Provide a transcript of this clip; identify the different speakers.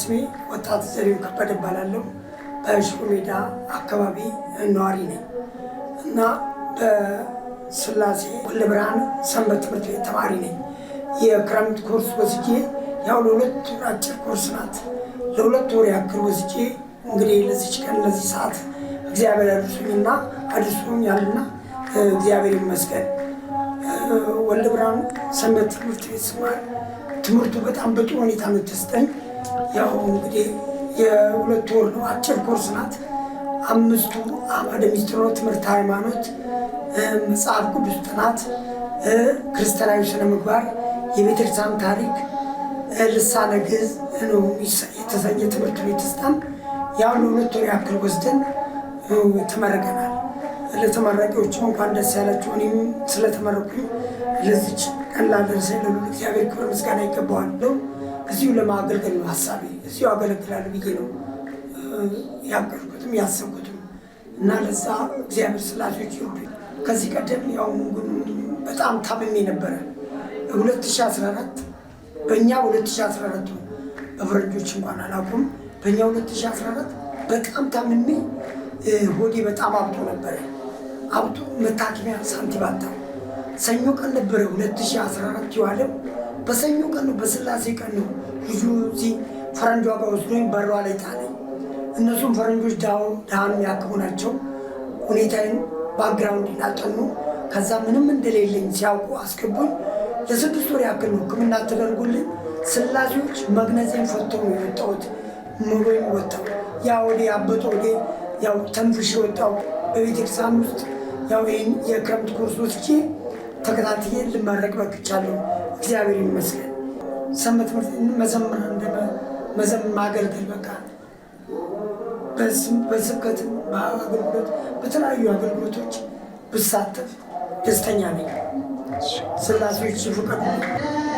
Speaker 1: ስሜ ወጣት ዘሪሁን ከበደ እባላለሁ። በሽሮ ሜዳ አካባቢ ነዋሪ ነኝ እና በስላሴ ወልደ ብርሃን ሰንበት ትምህርት ቤት ተማሪ ነኝ። የክረምት ኮርስ ወስጄ ያው ለሁለት አጭር ኮርስ ናት። ለሁለት ወር ያክል ወስጄ እንግዲህ ለዚች ቀን ለዚህ ሰዓት እግዚአብሔር አድርሱኝና አድርሶኛልና እግዚአብሔር ይመስገን። ወልደ ብርሃን ሰንበት ትምህርት ቤት ስማር ትምህርቱ በጣም በጥሩ ሁኔታ ነው የተሰጠኝ። ያው እንግዲህ የሁለት ወር ነው አጭር ኮርስ ናት። አምስቱ አዕማደ ምስጢር ትምህርት ሃይማኖት፣ መጽሐፍ ቅዱስ ጥናት፣ ክርስቲያናዊ ስነ ምግባር፣ የቤተክርስቲያን ታሪክ፣ ልሳነ ግዕዝ ነው የተሰኘ ትምህርት ቤት ስታን ያው ለሁለት ወር ያክል ወስደን ተመርቀናል። ለተመራቂዎች እንኳን ደስ ያላችሁ። እኔም ስለተመረኩኝ ለዚች ቀን ላደረሰኝ ለሁሉ እግዚአብሔር ክብር ምስጋና ይገባዋል። እዚሁ ለማገልገል ነው ሀሳቤ። እዚሁ አገለግላል ብዬ ነው ያገርኩትም ያሰብኩትም እና ለዛ እግዚአብሔር ስላጆች ይሁ ከዚህ ቀደም ያው በጣም ታምሜ ነበረ። 2014 በእኛ 2014 በፈረንጆች እንኳን አላውቅም። በእኛ 2014 በጣም ታምሜ ሆዴ በጣም አብጦ ነበረ። አብጦ መታከሚያ ሳንቲም አጣሁ። ሰኞ ቀን ነበረ 2014 የዋለው በሰኞ ቀን ነው፣ በስላሴ ቀን ነው። ልጁ እዚህ ፈረንጇ ጋር ወስዶኝ በሯ ላይ ጣለኝ። እነሱም ፈረንጆች ድሃን የሚያክሙ ናቸው። ሁኔታዬን ባክግራውንድ ላጠኑ፣ ከዛ ምንም እንደሌለኝ ሲያውቁ አስገቡኝ። ለስድስት ወር ያክል ነው ሕክምና ተደርጎልኝ ስላሴዎች መግነዜን ፈቶ ነው የወጣሁት። ምሮኝ ወጣው ያ ወደ አበጦ ወደ ያው ተንፍሽ ወጣው በቤተክርስቲያን ውስጥ ያው ይህን የክረምት ኮርስ ወስጄ ተከታትዬ ልመረቅ በቅቻለሁ። እግዚአብሔር ይመስገን። ሰንበት ትምህርት መዘመር መዘመር ማገልገል በቃ በስብከት አገልግሎት፣ በተለያዩ አገልግሎቶች ብሳተፍ ደስተኛ ነኝ። ስላሴዎች ፍቅር